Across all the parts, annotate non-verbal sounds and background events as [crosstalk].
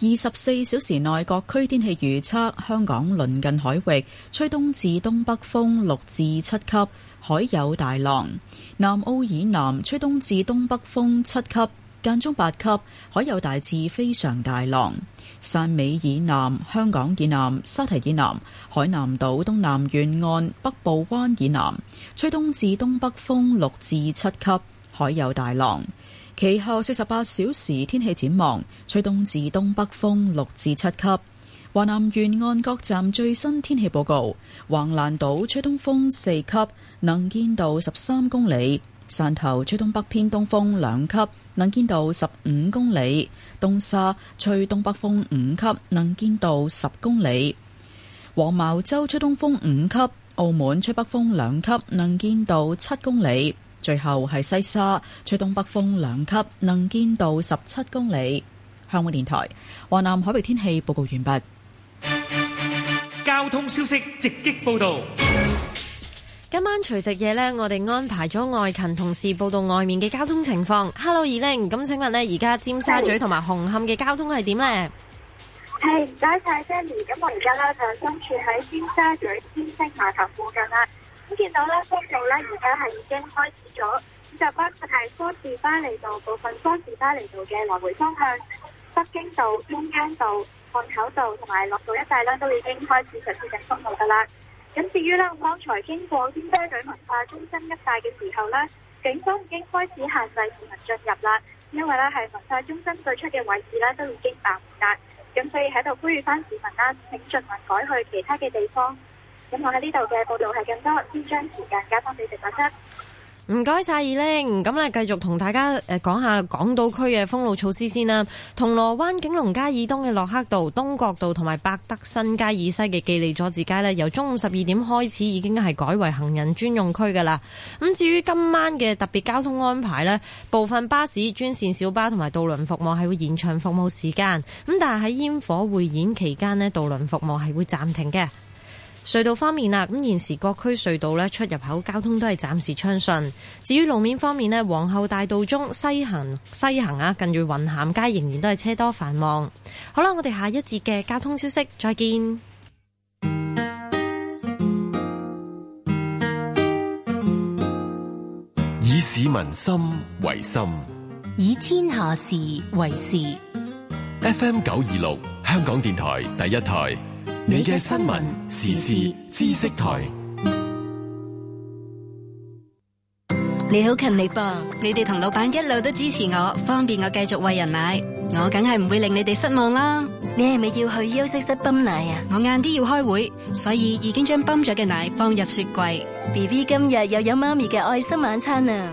二十四小時內各區天氣預測：香港鄰近海域吹東至東北風六至七級，海有大浪；南澳以南吹東至東北風七級，間中八級，海有大至非常大浪；汕尾以南、香港以南、沙堤以南、海南島東南沿岸北部灣以南吹東至東北風六至七級，海有大浪。其後四十八小時天氣展望，吹東至東北風六至七級。華南沿岸各站最新天氣報告：橫瀾島吹東風四級，能見度十三公里；汕頭吹東北偏東風兩級，能見度十五公里；東沙吹東北風五級，能見度十公里；黃茅洲吹東風五級；澳門吹北風兩級，能見度七公里。最後係西沙吹東北風兩級，能見度十七公里。香港電台華南海域天氣報告完畢。交通消息直擊報道。今晚除夕夜呢，我哋安排咗外勤同事報道外面嘅交通情況。Hello，二零，咁請問呢？而家尖沙咀同埋紅磡嘅交通係點呢？係，唔該晒 Sammy，咁我而家呢，就身處喺尖沙咀天星碼頭附近啦。咁見到呢，封路呢，而家係已經開始咗，咁就包括係梳士巴利道部分、梳士巴利道嘅來回方向、北京道、中間道、漢口道同埋落道一帶呢都已經開始實施緊封路噶啦。咁至於呢，剛才經過尖沙咀文化中心一帶嘅時候呢，警方已經開始限制市民進入啦，因為呢係文化中心對出嘅位置呢都已經爆滿啦。咁所以喺度呼籲翻市民啦，請儘量改去其他嘅地方。咁我喺呢度嘅報道係更多，先將時間交翻俾直播室。唔該晒二玲，咁咧、e、繼續同大家誒、呃、講下港島區嘅封路措施先啦。銅鑼灣景隆街以東嘅洛克道、東角道同埋百德新街以西嘅記利佐治街呢，由中午十二點開始已經係改為行人專用區噶啦。咁至於今晚嘅特別交通安排呢，部分巴士專線小巴同埋渡輪服務係會延長服務時間。咁但係喺煙火匯演期間呢，渡輪服務係會暫停嘅。隧道方面啊，咁現時各區隧道呢，出入口交通都係暫時暢順。至於路面方面呢，皇后大道中西行西行啊，近住雲咸街仍然都係車多繁忙。好啦，我哋下一節嘅交通消息，再見。以市民心為心，以天下事為事。FM 九二六，香港電台第一台。你嘅新聞時事知識台，你好勤力噃！你哋同老闆一路都支持我，方便我繼續餵人奶，我梗係唔會令你哋失望啦。你係咪要去休息室泵奶啊？我晏啲要開會，所以已經將泵咗嘅奶放入雪櫃。BB 今日又有媽咪嘅愛心晚餐啊！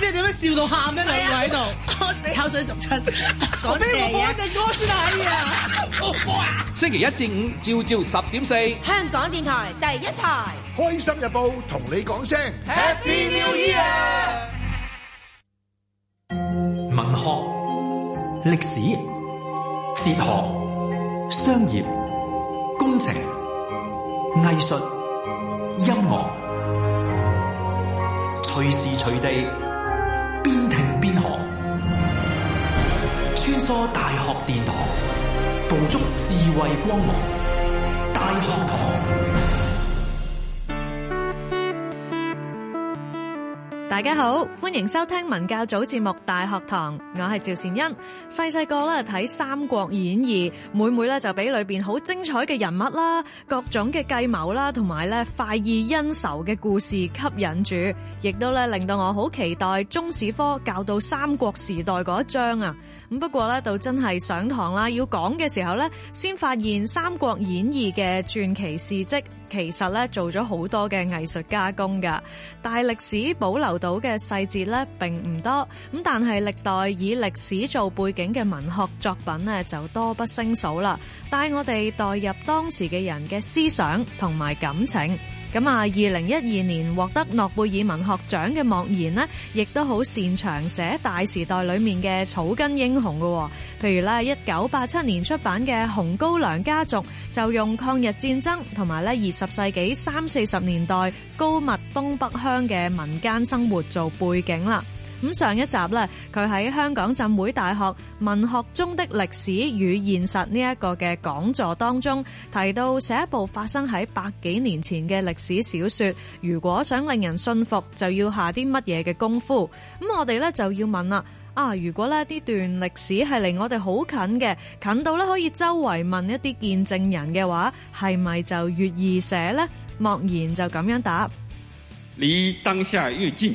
即係點樣笑到喊咩？兩個喺度，俾、啊、 [laughs] 口水逐出，講斜嘢。星期一至五朝朝十點四，朝朝香港電台第一台《開心日報》同你講聲 Happy New Year。文學、歷史、哲學、商業、工程、藝術、音樂，隨時隨地。邊聽邊學，穿梭大學殿堂，捕捉智慧光芒，大學堂。大家好，歡迎收聽文教組節目《大學堂》，我係趙善恩。細細個咧睇《三國演義》，每每咧就俾裏邊好精彩嘅人物啦、各種嘅計謀啦，同埋咧快意恩仇嘅故事吸引住，亦都咧令到我好期待中史科教到三國時代嗰一章啊！咁不過咧，到真係上堂啦，要講嘅時候咧，先發現《三國演義》嘅傳奇事跡，其實咧做咗好多嘅藝術加工噶，大歷史保留到嘅細節咧並唔多。咁但係歷代以歷史做背景嘅文學作品呢，就多不勝數啦，帶我哋代入當時嘅人嘅思想同埋感情。咁啊，二零一二年獲得諾貝爾文學獎嘅莫言呢，亦都好擅長寫大時代裏面嘅草根英雄噶，哦。譬如咧，一九八七年出版嘅《紅高粱家族》，就用抗日戰爭同埋咧二十世紀三四十年代高密東北鄉嘅民間生活做背景啦。咁上一集呢，佢喺香港浸會大學文學中的歷史與現實呢一個嘅講座當中提到，寫一部發生喺百幾年前嘅歷史小說，如果想令人信服，就要下啲乜嘢嘅功夫？咁我哋呢就要問啦，啊，如果呢呢段歷史係離我哋好近嘅，近到呢可以周圍問一啲見證人嘅話，係咪就越易寫呢？莫言就咁樣答：離當下越近。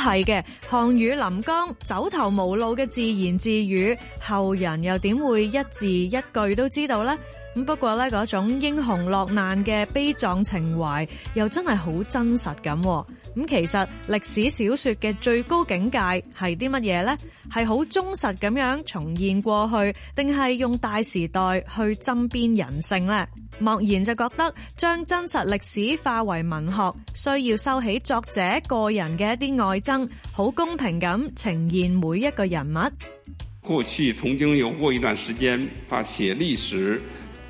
係嘅，項羽臨江走投無路嘅自言自語，後人又點會一字一句都知道咧？咁不過呢，嗰種英雄落難嘅悲壯情懷又真係好真實咁。咁其實歷史小說嘅最高境界係啲乜嘢呢？係好忠實咁樣重現過去，定係用大時代去針砭人性呢？莫言就覺得將真實歷史化為文學，需要收起作者個人嘅一啲愛憎，好公平咁呈現每一個人物。過去曾經有過一段時間，把寫歷史，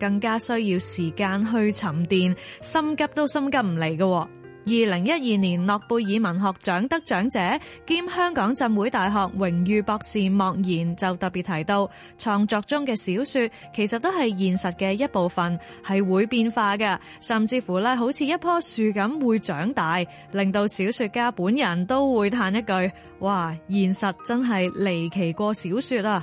更加需要時間去沉澱，心急都心急唔嚟嘅。二零一二年諾貝爾文學獎得獎者兼香港浸會大學榮譽博士莫言就特別提到，創作中嘅小說其實都係現實嘅一部分，係會變化嘅，甚至乎咧好似一棵樹咁會長大，令到小說家本人都會嘆一句：哇，現實真係離奇過小說啊！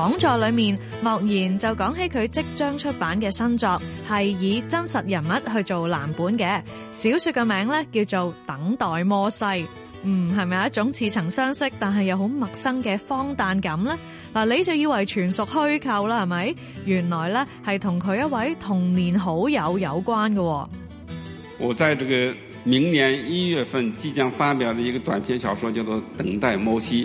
講座裏面，莫言就講起佢即將出版嘅新作，係以真實人物去做藍本嘅小說嘅名咧，叫做《等待摩西》。嗯，係咪一種似曾相識但係又好陌生嘅荒誕感呢？嗱，你就以為全屬虛構啦，係咪？原來咧係同佢一位童年好友有關嘅。我在這個明年一月份即將發表嘅一個短篇小說叫做《等待摩西》。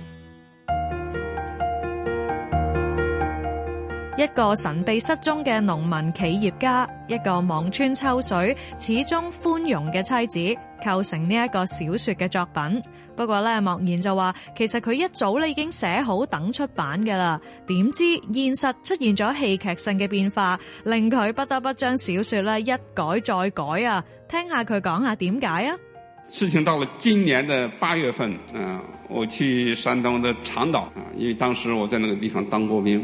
一個神秘失蹤嘅農民企業家，一個望穿秋水、始終寬容嘅妻子，構成呢一個小說嘅作品。不過咧，莫言就話，其實佢一早咧已經寫好等出版㗎啦。點知現實出現咗戲劇性嘅變化，令佢不得不將小說咧一改再改啊！聽下佢講下點解啊？事情到了今年的八月份，嗯，我去山東的長島啊，因為當時我在那個地方當過兵。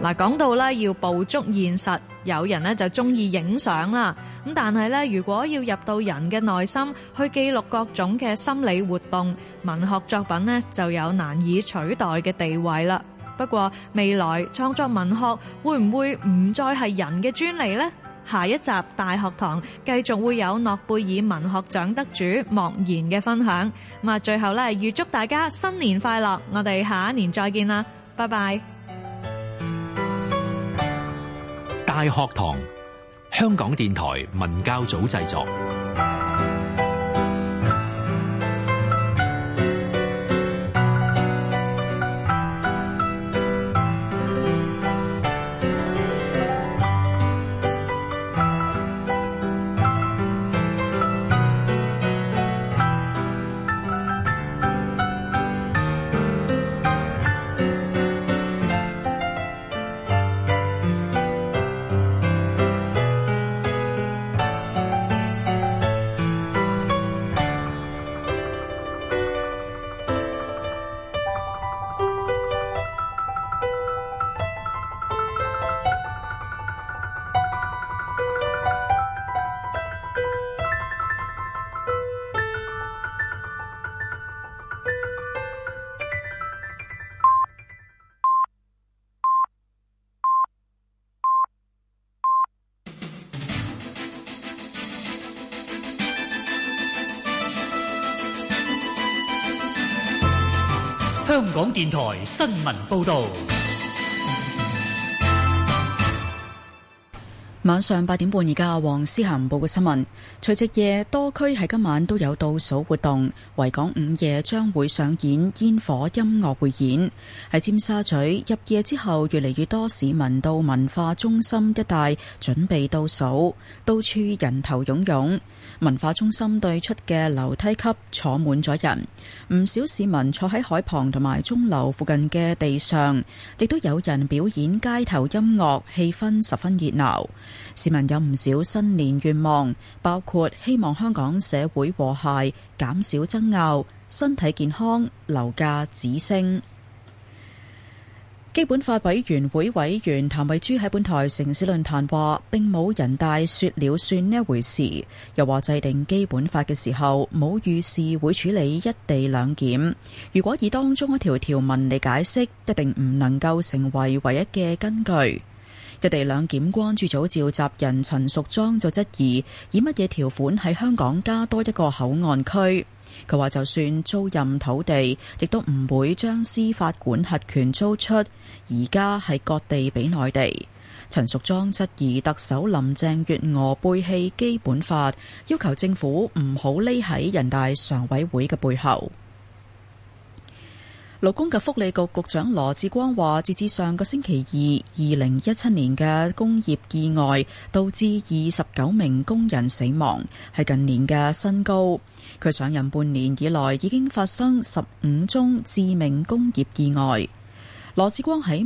嗱，講到咧要捕捉現實，有人咧就中意影相啦。咁但係咧，如果要入到人嘅內心去記錄各種嘅心理活動，文學作品咧就有難以取代嘅地位啦。不過未來創作文學會唔會唔再係人嘅專利呢？下一集大學堂繼續會有諾貝爾文學獎得主莫言嘅分享。咁啊，最後咧預祝大家新年快樂，我哋下一年再見啦，拜拜。大學堂，香港電台文教組製作。電台新聞報道。晚上八點半，現在，而家黃思涵報嘅新聞。除夕夜多區喺今晚都有倒數活動，維港午夜將會上演煙火音樂匯演。喺尖沙咀入夜之後，越嚟越多市民到文化中心一帶準備倒數，到處人頭涌涌。文化中心對出嘅樓梯級坐滿咗人，唔少市民坐喺海旁同埋鐘樓附近嘅地上，亦都有人表演街頭音樂，氣氛十分熱鬧。市民有唔少新年願望，包括希望香港社會和諧、減少爭拗、身體健康、樓價止升。基本法委員會委員譚慧珠喺本台城市論壇話並冇人大說了算呢一回事。又話制定基本法嘅時候冇預示會處理一地兩檢，如果以當中一條條文嚟解釋，一定唔能夠成為唯一嘅根據。一地兩檢關注組召集人陳淑莊就質疑：以乜嘢條款喺香港加多一個口岸區？佢話：就算租賃土地，亦都唔會將司法管轄權租出。而家係割地俾內地。陳淑莊質疑特首林鄭月娥背棄基本法，要求政府唔好匿喺人大常委會嘅背後。勞工及福利局局長羅志光話：截至上個星期二，二零一七年嘅工業意外導致二十九名工人死亡，係近年嘅新高。佢上任半年以來，已經發生十五宗致命工業意外。羅志光喺。